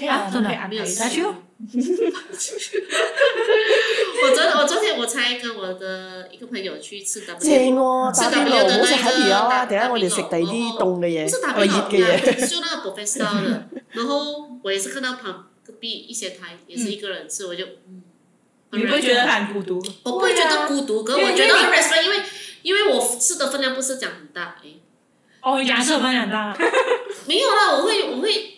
我、啊、昨、啊、 我昨天我才跟我的一個朋友去吃 W、哦、吃 W，唔係打邊爐啊，第一我哋食第啲凍嘅嘢，唔係熱嘅嘢，就那個 professor 然後我也是看到旁邊一些台也是一個人吃，嗯、我就，你不覺得很孤獨？我不覺得孤獨，哎、可是我覺得因為因為，因為，因為我，我吃的分量不是講很大，哎、哦，假設分量很大， 沒有啦、啊，我會我會。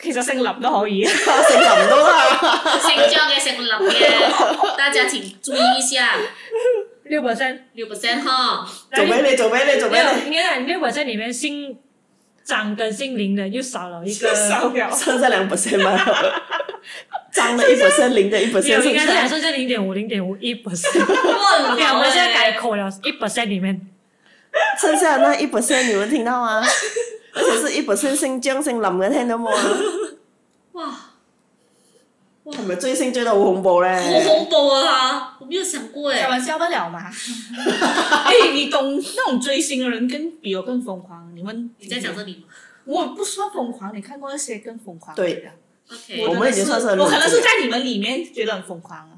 其實姓林都可以，啊，姓林都好。姓張嘅，姓林嘅，大家請注意一下，六 percent，六 percent 哈。準備咧，準備咧，準備咧。因為六 percent 裡面姓張跟姓林嘅又少了一個，剩咗兩 percent 嘛。張的一 percent，林的一 percent，剩餘兩剩餘零點五，零點五一 percent。忘掉咧，我哋要改口啦，一 percent 裡面剩下那一 percent，你們聽到嗎？ 成日識一部星星張姓林嘅聽到冇哇，哇！係咪追星追得好恐怖咧？好恐怖啊！我沒有想過，誒。開玩笑得了嗎？誒、 欸，你懂，那種追星的人跟比我更瘋狂，你們，你，們你在講這裏嗎？我不說瘋狂，你看過那些更瘋狂的。對呀。OK 我。我可能是在你們裏面，覺得很瘋狂啊。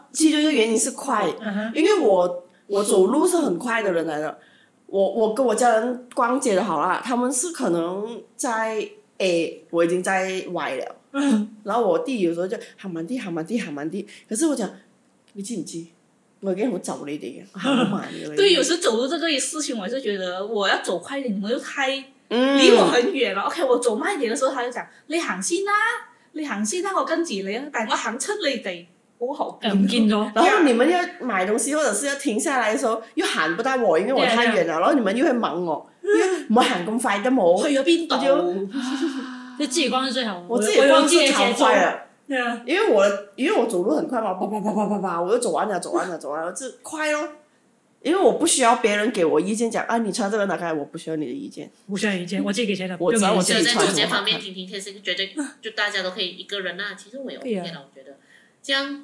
其中一個原因是快，uh -huh. 因為我我走路是很快的人來的。我我跟我家人逛街的好啦，他們是可能在 A，我已經在 Y 了。Uh -huh. 然後我弟有時候就行慢啲，行慢啲，行慢啲。可是我講，你知唔知？我已經好走你哋嘅，好慢嘅。 對，有時走路這個事情，我就覺得我要走快一點，我們又太、嗯、離我很遠了。OK，我走慢一點的時候，他就講，你行先啦，你行先啦、啊啊，我跟住你但我行出你哋。我好見咗、嗯，然後你們要買東西或者是要停下來的時候，又喊不到我，因為我太遠了、啊。然後你們又會忙我，又、嗯、冇喊咁快得我。去咗邊度？就、啊、自己逛最好。我，我自己逛就好快啦。因為我因為我，因為我走路很快嘛，啪啪啪啪啪啪，我就走完了，走完了，啊、走完啦，就快咯、哦。因為我不需要別人給我意見，講啊，你穿這個那個，我不需要你的意見，不需要意見，我自己嘅嘅，我只可以在主街方面停停睇睇，就絕對就大家都可以一個人啊。其實我有可以啦，我覺得，將。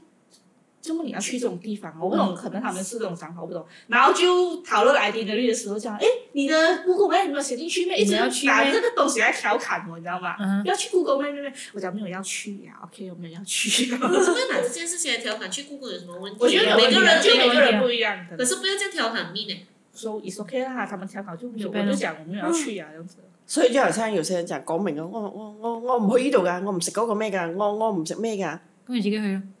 就問你要去這種地方，我不懂，可能他們是這種想法我不懂。然後就討論來丁德去的時候就講，哎、嗯，你的故宮哎有沒有寫進去沒？一直拿這個東西來調侃我，你知道吧？要去故宮咩咩咩？我講沒有要去呀、啊嗯、，OK，我沒有要去、啊。只、啊、 是拿這件事情來調侃，去故宮有什麼問題？我覺得每個人就每個人不一樣。可，啊、可是不要這樣調侃咪呢？so it's OK 啦、啊，他們調侃就沒有，沒我就講我沒有要去呀、啊嗯，這樣子。所以就好像有些人講，講明我我我我我唔去呢度噶，我唔食嗰個咩噶，我我唔食咩噶，咁你自己去啊。我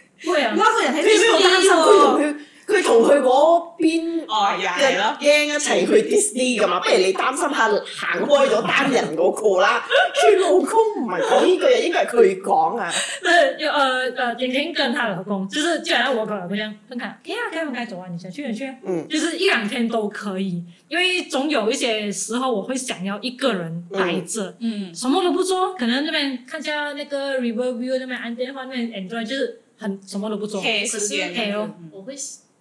係、哦、咯，驚一齊去 Disney 噶嘛？要不如你擔心下行開咗單人嗰個啦。佢 老公唔係講呢句嘢， 應該係佢講啊。即係，誒誒，婷婷跟她老公，就是既然我講咁樣，分佢，可哎啊，可唔該，走啊，你想去就去，嗯，就是一兩天都可以。因為總有一些時候，我會想要一個人待着，嗯，什麼都不做，可能那邊看下那個 river view，那邊岸邊畫面，enjoy，就是很什麼都不做，其實，其、嗯、實我會。嗯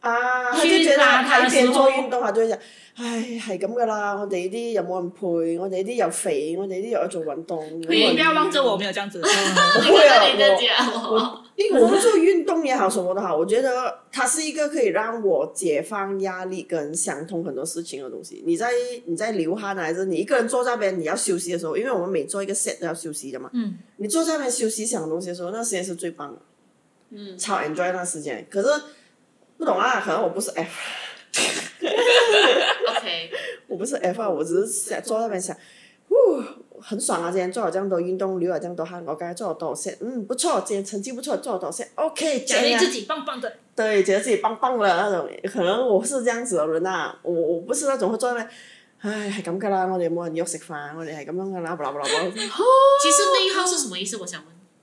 啊！他就覺得難題時做運動就會想，唉，係咁噶啦！我哋呢啲又冇人陪，我哋呢啲又肥，我哋呢啲又做運動。你不要望着我，沒有這樣子。我我我，我唔 對、啊、 我 我 做運動也好，什麼都好，我覺得它是一個可以讓我解放壓力跟想通很多事情嘅東西。你在你在流汗、啊，還是你一個人坐在邊？你要休息嘅時候，因為我們每做一個 set 都要休息嘅嘛。嗯。你坐在邊休息想東西嘅時候，那時間是最棒的。嗯。超 enjoy 那時間，可是。不懂啊，可能我不是 F。 OK，我不是 F，我只是想坐在坐那邊想，嗚，很爽啊！今天做了這麼多運動，流了這麼多汗，我今天做了多少嗯，不錯，今天成績不錯，做了多少 OK，獎勵自己，棒棒的。對，覺得自己棒棒的那種。可能我是這樣子的人啊，我我不是那種會坐在那邊，唉，係咁噶啦，我哋冇人約食飯，我哋係咁樣噶啦，不啦不啦不，來不來。其實內耗是什麼意思？我想問。